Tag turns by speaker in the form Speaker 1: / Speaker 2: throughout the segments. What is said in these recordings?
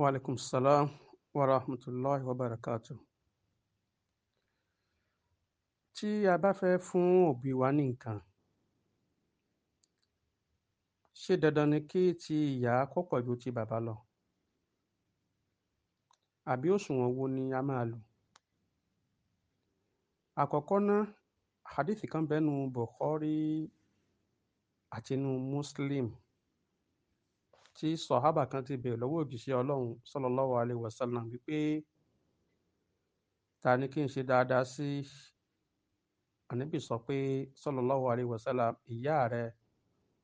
Speaker 1: وعليكم السلام ورحمة الله وبركاته tí a bá fẹ́ fún òbí wa ní nǹkan ṣé dandan ni kí ti ìyá kó pọ̀ ju ti bàbá lọ àbí òṣùwọ̀n wo ni a máa lò àkọ́kọ́ náà hadith kan bẹ́nu Bukhari àti nu Muslim tí sọ̀hábà kan ti bèèrè lọ́wọ́ òjíṣẹ́ ọlọ́run sallallahu alaihi wasallam wípé ta ni kí n ṣe dáadáa sí ànábì sọ pé sallallahu alaihi wasallam ìyá rẹ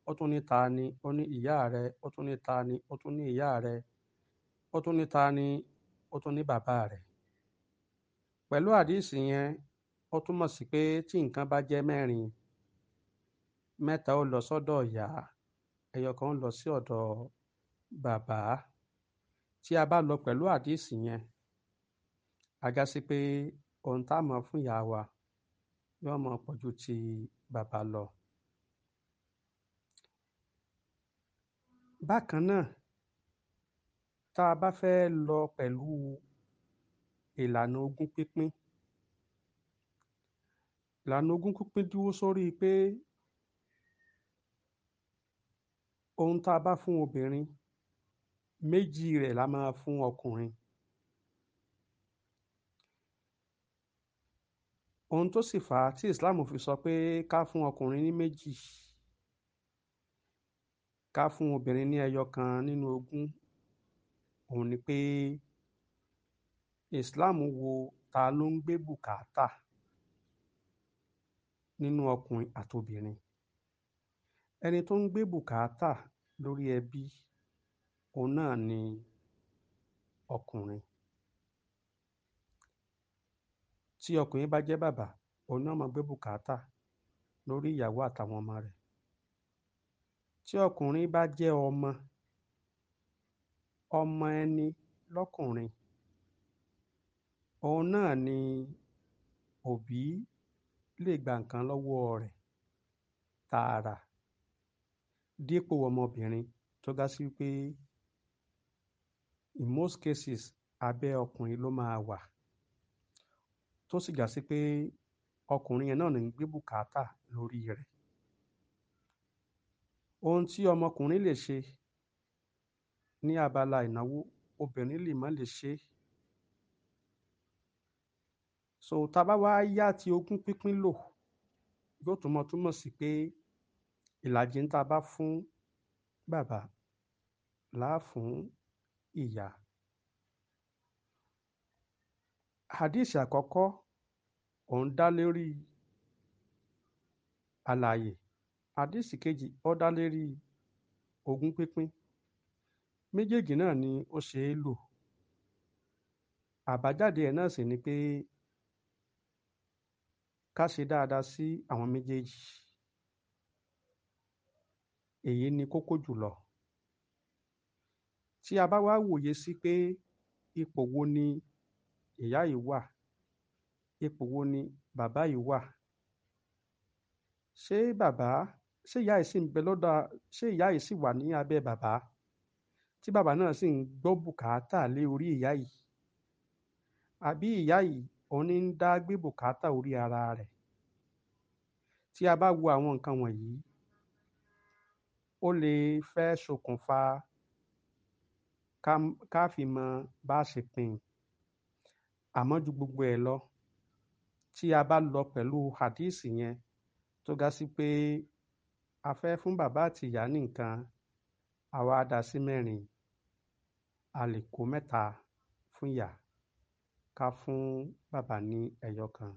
Speaker 1: ó tún ní ta ni ó ní ìyá rẹ ó tún ní ta ni ó tún ní ìyá rẹ ó tún ní ta ni ó tún ní bàbá rẹ pẹ̀lú àdísì yẹn ó túmọ̀ sí pé tí nǹkan bá jẹ́ mẹ́rin mẹ́ta ó lọ sọ́dọ̀ ìyá ẹyọ kan lọ sí ọ̀dọ̀ bàbá tí a bá lọ pẹ̀lú àdíìsì yẹn a já sí pé ohun tá a mọ̀ fún ìyá wa yóò mọ̀ pọ̀ ju ti bàbá lọ. bákan náà tá a bá fẹ́ lọ pẹ̀lú ìlànà ogún pínpín ìlànà ogún pínpín dúró sórí pé ohun tá a bá fún obìnrin méjì rẹ̀ la máa fún ọkùnrin. ohun tó sì fà á tí islam fi sọ pé ká fún ọkùnrin ní méjì ká fún obìnrin ní ẹyọ kan nínú ogún òun ni pé islam wo ta ló ń gbé bùkátà nínú ọkùnrin àtobìnrin ẹni tó ń gbé bùkátà lórí ẹbí òun náà ni ọkùnrin tí ọkùnrin bá jẹ́ bàbá òun náà máa gbé bùkátà lórí ìyàwó àtàwọn ọmọ rẹ̀ tí ọkùnrin bá jẹ́ ọmọ ọmọ ẹni lọ́kùnrin òun náà ni òbí lè gba nǹkan lọ́wọ́ rẹ̀ tààrà dípò ọmọbìnrin tó ga sí pé in most cases abẹ́ ọkùnrin ló máa wà tó sì já sí pé ọkùnrin yẹn náà ní gbé bùkátà lórí rẹ̀ ohun tí ọmọkùnrin lè ṣe ní abala ìnáwó obìnrin lè má lè ṣe so tá a bá wá yá ti ogún pínpín lò yóò túmọ̀ túmọ̀ sí pé ìlàjì ń ta fún bàbá láà ìyà. Hadísì àkọ́kọ́ òun dá lérí àlàyé. Hadísì kejì ó dá lérí ogún pínpín. Méjèèjì náà ni ó ṣe é lò. Àbájáde ẹ̀ náà sì ni pé ká ṣe dáadáa sí àwọn méjèèjì. Èyí ni kókó jùlọ tí a bá wá wòye sí pé ipò wo ni ìyá yìí wà ipò wo ni bàbá yìí wà ṣé bàbá ṣé ìyá yìí sì ń bẹ lọ́dọ̀ ṣé ìyá yìí sì wà ní abẹ́ bàbá tí bàbá náà sì ń gbọ́ bùkátà lé orí ìyá yìí àbí ìyá yìí òun ń dá gbé bùkátà orí ara rẹ̀ tí a bá wo àwọn nǹkan wọ̀nyí ó lè fẹ́ ṣokùnfà ká fi mọ bá a ṣe pín in àmọ́ ju gbogbo ẹ̀ lọ tí a bá lọ pẹ̀lú hadísì yẹn tó ga sí pé a fẹ́ fún bàbá àti ìyá ní àwa dá sí mẹ́rin a lè kó mẹ́ta fún ìyá ká fún bàbá ní ẹyọ kan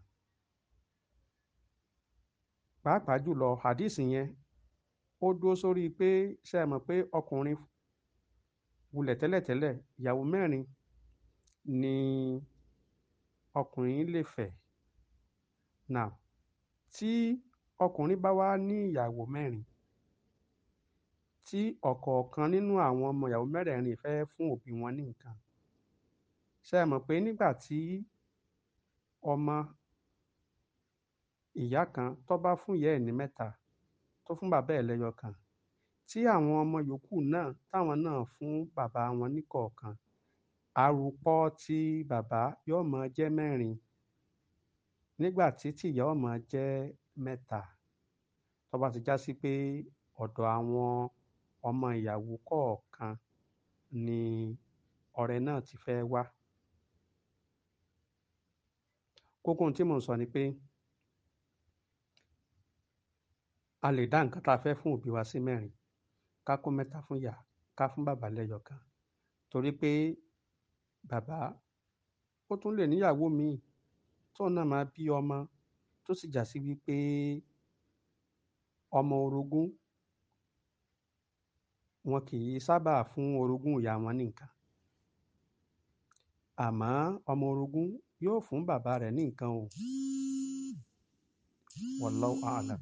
Speaker 1: pàápàá jùlọ hadísì yẹn ó dúró sórí pé ṣe é mọ̀ pé ọkùnrin wulẹ̀ tẹ́lẹ̀tẹ́lẹ̀ ìyàwó mẹ́rin ni ọkùnrin lè fẹ́ now tí ọkùnrin bá wá ní ìyàwó mẹ́rin tí ọ̀kọ̀ọ̀kan nínú àwọn ọmọ ìyàwó mẹ́rẹ̀ẹ̀rin fẹ́ fún òbí wọn ní nǹkan ṣe é mọ̀ pé nígbà tí ọmọ ìyá kan tó bá fún ìyá ẹ̀ ní mẹ́ta tó fún bàbá ẹ̀ lẹ́yọ kan tí àwọn ọmọ yòókù náà táwọn náà fún bàbá wọn níkọ̀ọ̀kan àròpọ̀ tí bàbá yóò máa jẹ́ mẹ́rin nígbà tí tìyá ó máa jẹ́ mẹ́ta tó ti já sí pé ọ̀dọ̀ àwọn ọmọ ìyàwó kọ̀ọ̀kan ni ọrẹ náà ti fẹ́ wá. kókó ohun tí mò ń sọ ni pé a lè dá nǹkan tá a fẹ́ fún òbí wa sí mẹ́rin ká kó mẹ́ta fún ìyá ká fún bàbá lẹ́yọ kan torí pé bàbá ó tún lè níyàwó míì tóun náà máa bí ọmọ tó sì já sí wípé ọmọ orogún wọn kì í sábà fún orogún ìyá wọn ní àmọ́ ọmọ orogún yóò fún bàbá rẹ̀ ní nǹkan o wallahu a'lam.